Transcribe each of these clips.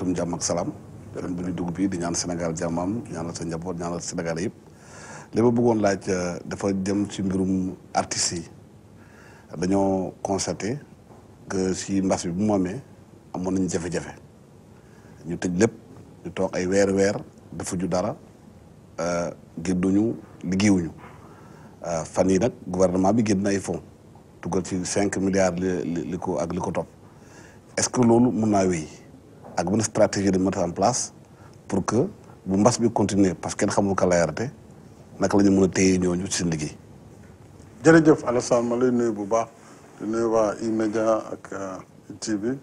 atum jàmm ak salaam beneen bu ñu dugg bi di ñaan Sénégal jàmmam ñaanal sa njaboot ñaanal Sénégal yëpp li ma bëggoon laaj euh, dafa jëm ci mbirum artistes yi dañoo constaté que si mbas bi bu mu amee amoon nañu jafe-jafe ñu tëj lépp ñu toog ay weer weer ju dara euh, gédduñu liggéeyuñu euh, fan yi nag gouvernement bi génn na ay fonds dugal ci cinq milliards li ko li ko topp est-ce que loolu mun naa wéy. ak benn stratégie de mettre en place pour que bu mbas mi continuer parce que kenn xamul ka lay arrêté naka la ñu mën a téye ñooñu ci seen liggéey. jërëjëf Alassane ma lay nuyu bu baax di nuyu waa E-Media ak ITV euh,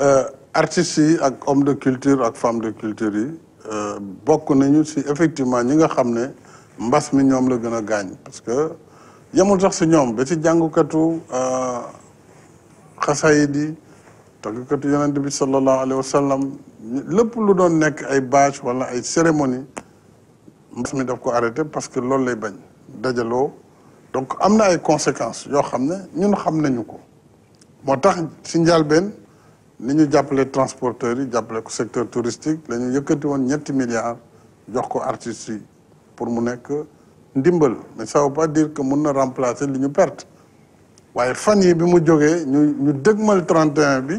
euh, artistes yi ak homme de culture ak femme de culture yi euh, bokk nañu si effectivement ñi nga xam ne mbas mi ñoom la gën a gaañ parce que yemul sax si ñoom ba si jàngukatu xasaayid taggkatu yonent bi sallallahu alayhi wa sallam lépp lu doon nekk ay bâche wala ay cérémonie mbas mi ko arrêté parce que loolu lay bañ dajaloo donc am na ay conséquences yoo xam ne ñun xam nañu ko moo tax si njëlbéen ni ñu jàppale transporteurs yi jàppale ko secteur touristique la ñu yëkkati woon ñetti milliards jox ko artistes yi pour mu nekk ndimbal mais ça veut pas dire que mun na remplacer li ñu perte waaye fan yi bi mu jógee ñu ñu trente 31 bi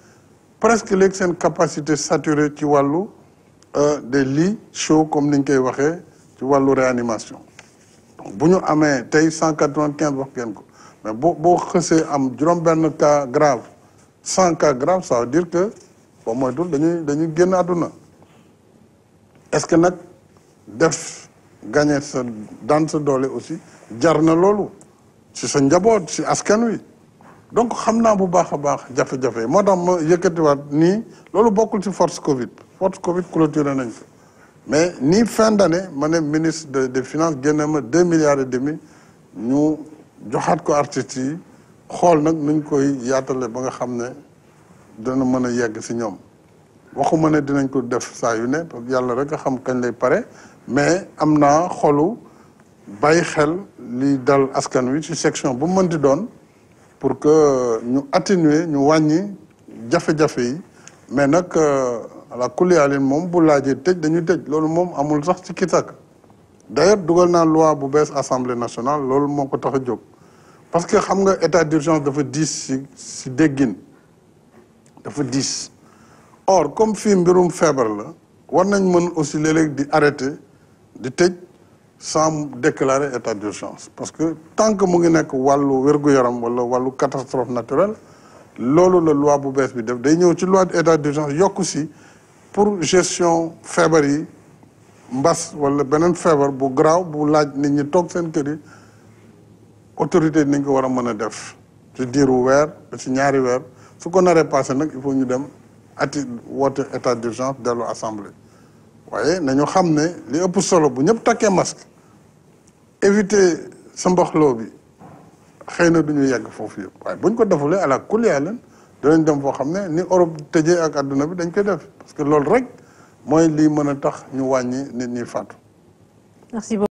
presque léegi seen capacité saturée ci wàllu euh, des lits chauds comme ni ñu koy waxee ci wàllu réanimation bu ñu amee tey cent quatre-vingt-quinze wax ngeen ko mais boo boo xësee am juróom-benn cas grave cent cas grave ça veut dire que boo moytul dañuy dañuy génn àdduna est-ce que nag def gagner sa daan sa doole aussi jar na loolu si sa njaboot si askan wi donc xam naa bu baax a baax jafe-jafe moo tax ma yëkkatiwaat nii loolu bokkul ci force Covid force Covid clôturé nañ ko mais nii fin d' année ma ne ministre de des finances génne ma deux milliards demi ñu joxaat ko artistes yi xool nag nuñ koy yaatale ba nga xam ne dana mën a yegg si ñoom waxuma ne dinañ ko def saa yu ne parce yàlla rek a xam kañ lay pare mais am naa xolu bàyyi xel liy dal askan wi ci section bu mën di doon. pour que ñu atténuer ñu wàññi jafe-jafe yi mais nag euh, ala kuliyaalin moom bu laajee tëj dañu tëj loolu moom amul sax ci kitak d'ailleurs dugal naa loi bu bees assemblée nationale loolu moo ko tax a jóg parce que xam nga état d'urgence dafa diis si si déggin dafa diis or comme fii mbirum feebar la war nañ mën aussi léeg-léeg di arrêter di tëj sans déclarer état d'urgence parce que tant que mu ngi nekk wàllu wér-gu-yaram wala wàllu catastrophe naturelle loolu la loi bu bees bi def day ñëw ci loi état d'urgence yokku si pour gestion feebar yi mbas wala beneen feebar bu garaaw bu laaj nit ñi toog seen kër yi autorité yi nañ ko war a mën a def ci diiru weer ba ci ñaari weer su ko naree passé nag il faut ñu dem ati woote état d'urgence dellu assemblée waaye nañu xam ne li ëpp solo bu ñëpp takkee masque éviter sa mboxloo bi xëy na du ñu yàgg foofu yëpp waaye buñ ko defulee à la kulia leen doo dem foo xam ne ni Europe tëjee ak àdduna bi dañ koy def parce que loolu rek mooy lii mën a tax ñu wàññi nit ñi faatu. merci beaucoup.